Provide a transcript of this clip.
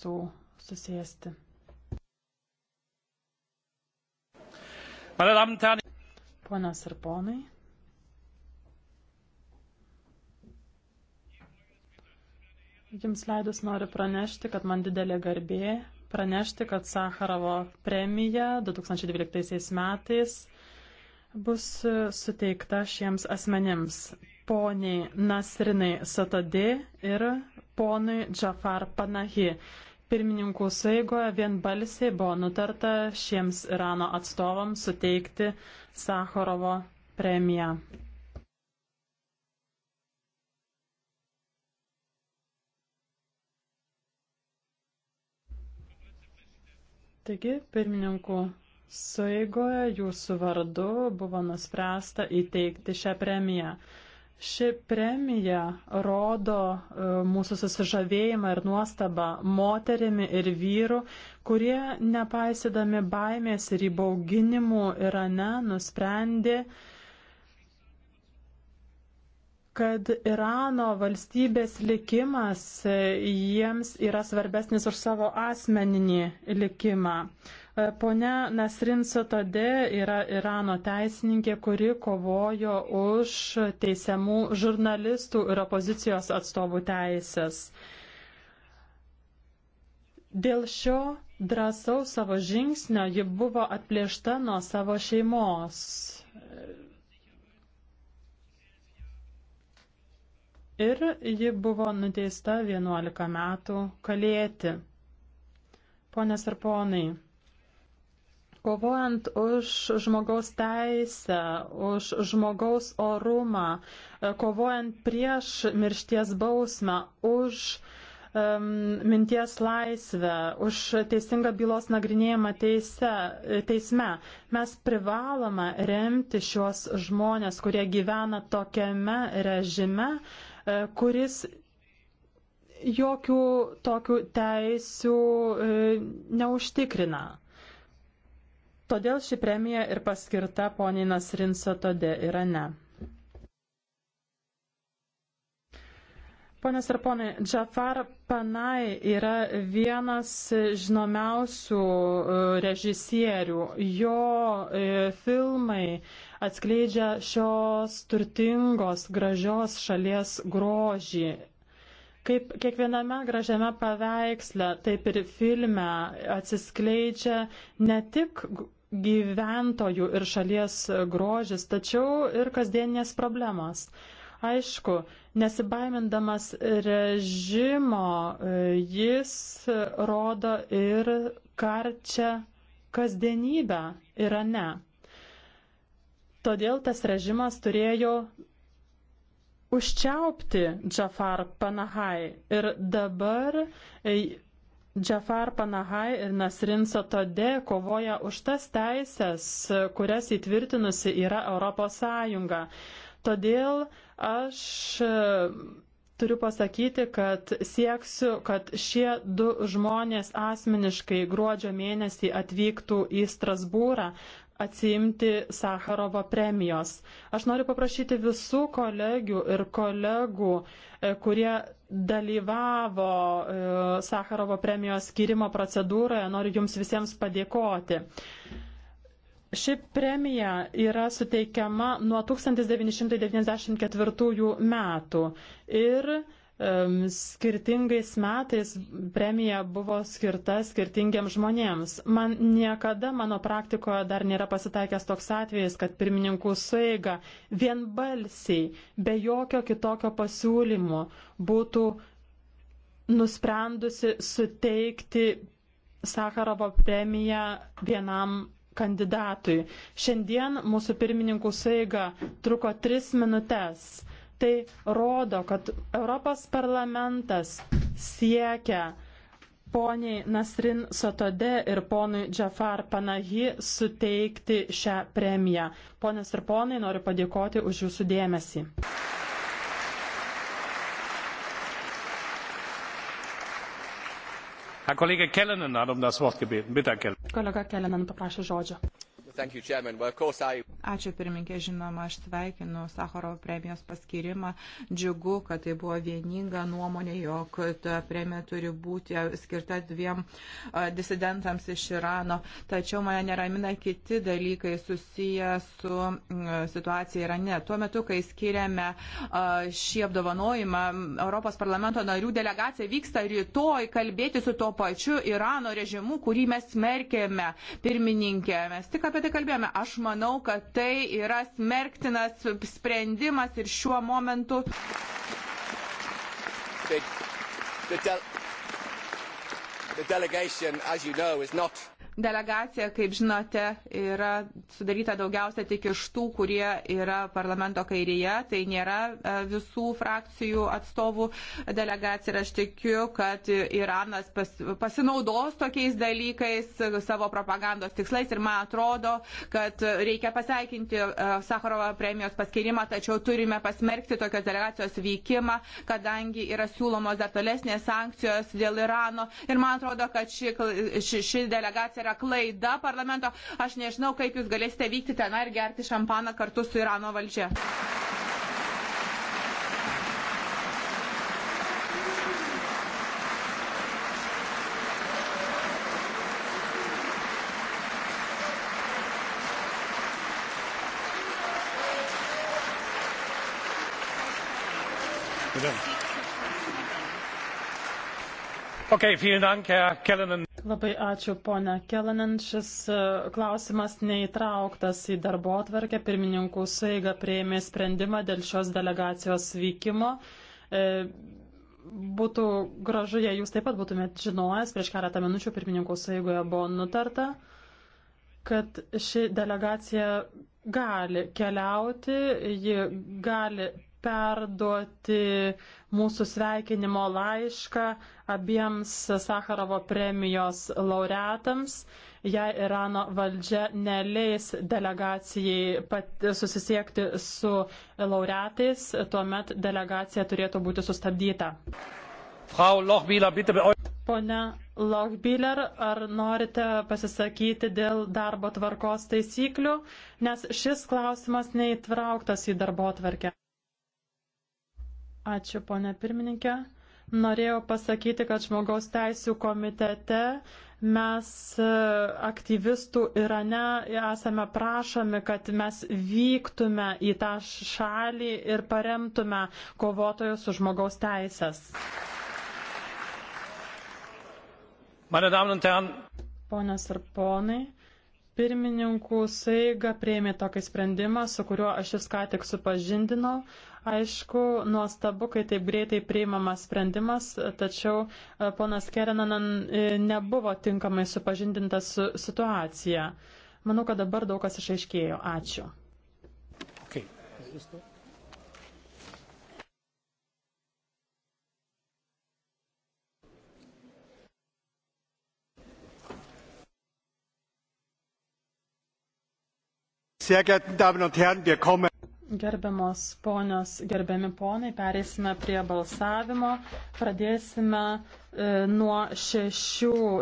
visų susėsti. Ponios ir ponai. Jums leidus noriu pranešti, kad man didelė garbė pranešti, kad Sakarovo premija 2012 metais bus suteikta šiems asmenims poniai Nasrinai Satadė ir ponui Džafar Panahi pirmininkų saigoje vienbalsiai buvo nutarta šiems Irano atstovams suteikti Sakharovo premiją. Taigi, pirmininkų suigoje jūsų vardu buvo nuspręsta įteikti šią premiją. Ši premija rodo e, mūsų susižavėjimą ir nuostabą moterimi ir vyru, kurie, nepaisydami baimės ir įbauginimų Irane, nusprendė, kad Irano valstybės likimas e, jiems yra svarbesnis už savo asmeninį likimą. E, Pone Nasrin Satode yra Irano teisininkė, kuri kovojo už teisiamų žurnalistų ir opozicijos atstovų teisės. Dėl šio drąsaus savo žingsnio ji buvo atplėšta nuo savo šeimos. Ir ji buvo nuteista 11 metų kalėti. Ponas ir ponai, Kovojant už žmogaus teisę, už žmogaus orumą, e, kovojant prieš miršties bausmę, už um, minties laisvę, už teisingą bylos nagrinėjimą teise, e, teisme, mes privalome remti šios žmonės, kurie gyvena tokiame režime, e, kuris jokių tokių teisių neužtikrina. Todėl ši premija ir paskirta poniai Nasrinso Tode Irane. Ponas ir ponai, Džafar Panai yra vienas žinomiausių e, režisierių. Jo e, filmai atskleidžia šios turtingos, gražios šalies grožį. Kaip kiekviename gražiame paveiksle, taip ir filme atsiskleidžia ne tik gyventojų ir šalies grožis, tačiau ir kasdieninės problemos. Aišku, nesibaimindamas režimo, e, jis rodo ir karčią kasdienybę Irane. Todėl tas režimas turėjo užčiaupti Džafar Panahai ir dabar e, Džafar Panahai ir Nasrin Satode kovoja už tas teisės, kurias įtvirtinusi yra Europos Sąjunga. Todėl aš e, turiu pasakyti, kad sieksiu, kad šie du žmonės asmeniškai gruodžio mėnesį atvyktų į Strasbūrą atsiimti Sakarovo premijos. Aš noriu paprašyti visų kolegių ir kolegų, e, kurie dalyvavo e, Sakarovo premijos skirimo procedūroje, noriu jums visiems padėkoti. Ši premija yra suteikiama nuo 1994 metų ir skirtingais metais premija buvo skirta skirtingiems žmonėms. Man niekada mano praktikoje dar nėra pasitaikęs toks atvejis, kad pirmininkų sueiga vienbalsiai, be jokio kitokio pasiūlymo būtų nusprendusi suteikti Sakarovo premiją vienam kandidatui. Šiandien mūsų pirmininkų sueiga truko tris minutės Tai rodo, kad Europos parlamentas siekia poniai Nasrin Sotode ir ponui Džafar Panahi suteikti šią premiją. Ponės ir ponai, noriu padėkoti už jūsų dėmesį. herr kollege callanan hat um das wort gebeten. bitte herr callanan. kollege callanan paprašė žodžio. Ačiū pirmininkė, žinoma, aš sveikinu Sakharovo premijos paskirimą. Džiugu, kad tai buvo vieninga nuomonė, jog ta premija turi būti skirta dviem disidentams iš Irano. Tačiau mane neramina kiti dalykai susiję su situacija Irane. Tuo metu, kai skiriame šį apdovanojimą, Europos parlamento narių delegacija vyksta rytoj kalbėti su tuo pačiu Irano režimu, kurį mes smerkėme pirmininkė. Mes tik apie apie tai kalbėjome. Aš manau, kad tai yra smerktinas sprendimas ir šiuo momentu. The, the, de, the delegation, as you know, is not Delegacija, kaip žinote, yra sudaryta daugiausia tik iš tų, kurie yra parlamento kairėje, tai nėra e, visų frakcijų atstovų delegacija ir aš tikiu, kad Iranas pas, pasinaudos tokiais dalykais e, savo propagandos tikslais ir man atrodo, kad reikia pasveikinti e, Sakarovo premijos paskirimą, tačiau turime pasmerkti tokios delegacijos vykimą, kadangi yra siūlomos dar tolesnės sankcijos dėl Irano ir man atrodo, kad ši, ši, ši delegacija yra yra klaida parlamento. Aš nežinau, kaip jūs galėsite vykti ten ir gerti šampaną kartu su Irano valdžia. Okay, vielen Dank, Herr Kellenen. Labai ačiū, ponia Kelanen. Šis e, klausimas neįtrauktas į darbo atvarkę. Pirmininkų sueiga prieėmė sprendimą dėl šios delegacijos vykimo. E, būtų gražu, jei jūs taip pat būtumėt žinojęs, prieš keletą minučių pirmininkų sueigoje buvo nutarta, kad ši delegacija gali keliauti, ji gali perduoti mūsų sveikinimo laišką abiems Sakarovo premijos laureatams. Jei Irano valdžia neleis delegacijai pat, susisiekti su laureatais, tuomet delegacija turėtų būti sustabdyta. Frau Lochbieler, bitte be... Pone Lochbieler, ar norite pasisakyti dėl darbo tvarkos taisyklių, nes šis klausimas neįtrauktas į darbo tvarkę. Ačiū, ponė pirmininkė. Norėjau pasakyti, kad žmogaus teisų komitete mes e, aktyvistų Irane esame prašomi, kad mes vyktume į tą šalį ir paremtume kovotojus už žmogaus teisės. Meine Damen und Herren, Ponios ir ponai, pirmininkų saiga prieimė tokį sprendimą, su kuriuo aš jūs ką tik supažindinau. Aišku, nuostabu, kai taip greitai priimamas sprendimas, tačiau e, ponas Kerenanan e, nebuvo tinkamai supažindintas su situacija. Manau, kad dabar daug kas išaiškėjo. Ačiū. Okay. Gerbiamos ponios, gerbiami ponai, perėsime prie balsavimo. Pradėsime e, nuo šešių